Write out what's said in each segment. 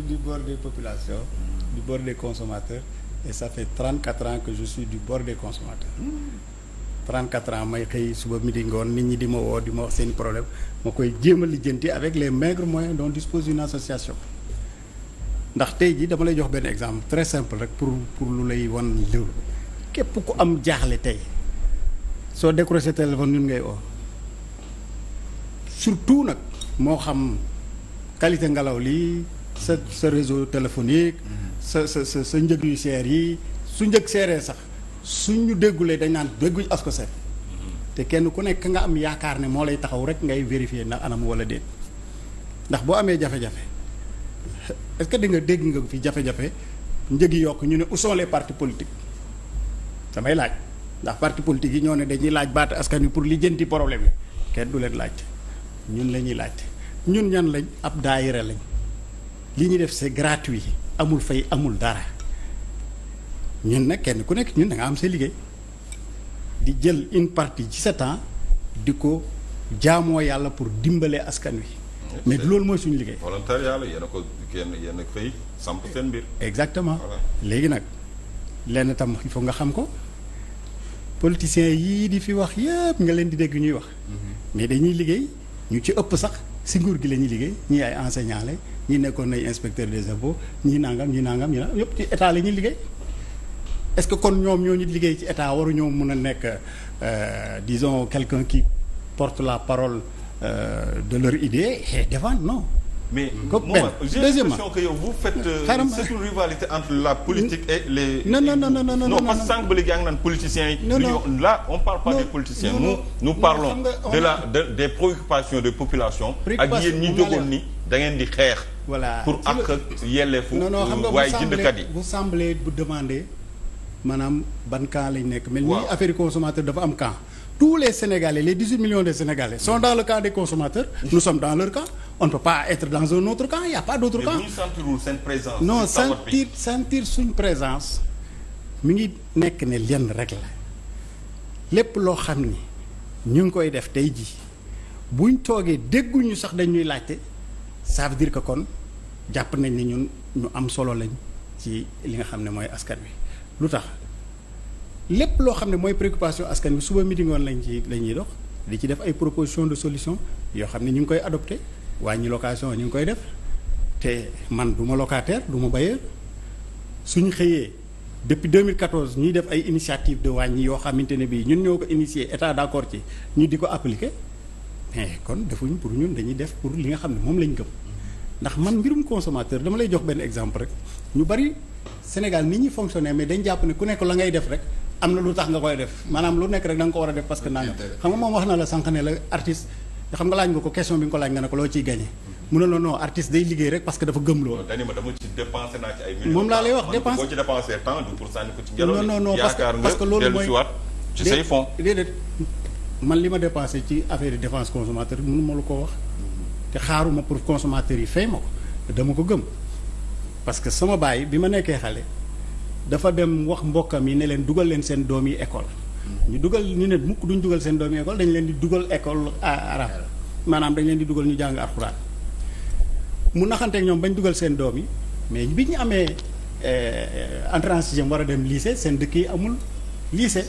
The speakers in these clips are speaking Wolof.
du bord des populations, du bord des consommateurs et ça fait 34 ans que je suis du bord des consommateurs. 34 ans may xëy suba midi ngoon nit ñi di ma woo di ma wax seen problème ma koy jéem a lijjanti avec les maigres moyens dont dispose une association. ndax tey jii dama lay jox benn exemple très simple rek pour pour lu lay wan loolu képp ku am jaaxle tey soo décroché téléphone ñun ngay oo surtout nag moo xam qualité ngelaw lii. sa sa réseau téléphonique sa sa sa sa njëg yu seer yi su njëg seeree sax ñu déggulee dañ naan dégguñ asko seer te kenn ku nekk nga am yaakaar ne moo lay taxaw rek ngay vérifier na anam wala déet ndax boo amee jafe-jafe est di nga dégg nga fi jafe-jafe njëg yi yokk ñu ne où sont les partis damay laaj ndax parti politique yi ñoo ne dañuy laaj baat askan wi pour li di problème yi kenn du leen laaj ñun la ñuy laaj ñun ñan lañ ab daayira lañ li ñuy def c'est gratuit amul fay amul dara ñun nag kenn ku nekk ñun da nga am sa liggéey di jël une partie ci sa temps di ko jaamoo yàlla pour dimbalee askan wi. mais loolu mooy suñu liggéey. volontariat la yéen ko yéen yéen a fay samp exactement léegi nag lenn tam il faut nga xam ko politiciens yii di fi wax yëpp nga leen di dégg ñuy wax. Mhm. mais dañuy liggéey ñu ci ëpp sax. si nguur gi la ñuy liggéey ñi ay enseignant la ñii nekkoon nañ inspecteur des impôts ñii nangam ñii nangam ñi nangam yëpp ci état la liggéey est-ce que kon ñoom ñoo ñu liggéey ci état waru ñoo mën a nekk euh, dison quelqu'un qui porte la parole euh, de leur idée et non mais kooku mmh. benn deuxièmement j'ai l'impression que yow vous faites. Euh, xaaral c'est une rivalité entre la politique et les. non non non non non non parce que sànq ba léegi yaa ngi naan politiciens yi. non non là on parle pas des politiciens. nous nous parlons de la des préoccupations des populations. ak yéen ñi jógoon ni da ngeen di xeex. voilà pour ak yelleefu. waaye jëndkat yi non non xam nga bu semblé bu demandé maanaam ban camp lañ nekk. mel ni affaire consommateur dafa am camp. tous les Sénégalais les 18 millions de Sénégalais sont dans le camp des consommateurs. nous sommes dans leur camp. on ne peut pas être dans un autre camp il y a pas d'autre camp. seen présence. non suñ présence mi ngi nekk ne lenn rek la lépp loo xam ni ñu ngi koy def tey jii buñ toogee dégguñu sax dañuy laajte ça veut que kon jàpp nañ ni ñun ñu am solo lañ ci li nga xam ne mooy askan bi lu tax. lépp loo xam ne mooy préoccupation askan bi suba mitingoon lañ ci lañuy dox di ci def ay proposition de solution yoo xam ne ñu ngi koy adopté wàññi location ñu ngi koy def te man du ma locataire du ma bailleur suñu xëyee depuis 2014 ñuy def ay initiative de wàññi yoo xamante ne bi ñun ñoo ko initier état d'accord ci ñu di ko appliquer mais kon defuñ pour ñun dañuy def pour li nga xam ne moom lañ gëm ndax man mbirum consommateur dama lay jox benn exemple rek ñu bari Sénégal nit ñi fonctionner mais dañ jàpp ne ku nekk la ngay def rek am na lu tax nga koy def maanaam lu nekk rek da nga ko war a xam nga moom wax na la sànq ne la xam nga laaj nga ko question bi nga ko laaj nga ne ko loo ciy gagné mu ne la non artiste day liggéey rek parce que dafa gëm loolu. moom laa lay wax dépense boo ci dépensé temps ko ci ngelaw li. non non parce que parce que loolu mooy man li ma dépensé ci affaire de défense consommateur mënu ma la ko wax te xaaruma pour consommateur yi fay ma ko dama ko gëm parce que sama baay bi ma nekkee xale dafa dem wax mbokkam yi ne leen dugal leen seen doom yi école. ñu dugal ñu ne mukk duñ dugal seen doomi école dañ leen di dugal école arab maanaam dañ leen di dugal ñu jàng alxuraan mu naxanteeg ñoom bañ dugal seen doom yi mais bi ñu amee eh, entrée en sixième war a dem lycée seen dëkk yi amul liise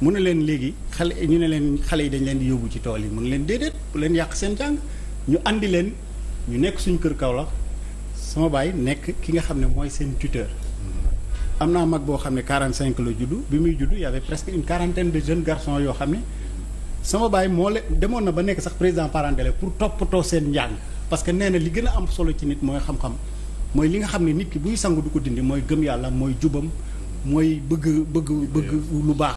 mu ne leen léegi xale ñu ne leen xale yi dañ leen di yóbbu ci tool yi mu ne leen déedéet bu leen yàq seen jàng ñu andi leen ñu nekk suñ kër Kaolack sama baay nekk ki nga xam ne mooy seen tuteur am naa mag boo xam ne 45 la juddu bi muy juddu y avait presque une quarantaine de jeunes garçons yoo xam ne sama baay moo le demoon na ba nekk sax président parent d'élève pour toppatoo seen njàng parce que li gën a am solo ci nit mooy xam-xam mooy li nga xam ne nit ki buy sangu du ko dindi mooy gëm yàlla mooy jubam mooy bëgg bëgg bëgg lu baax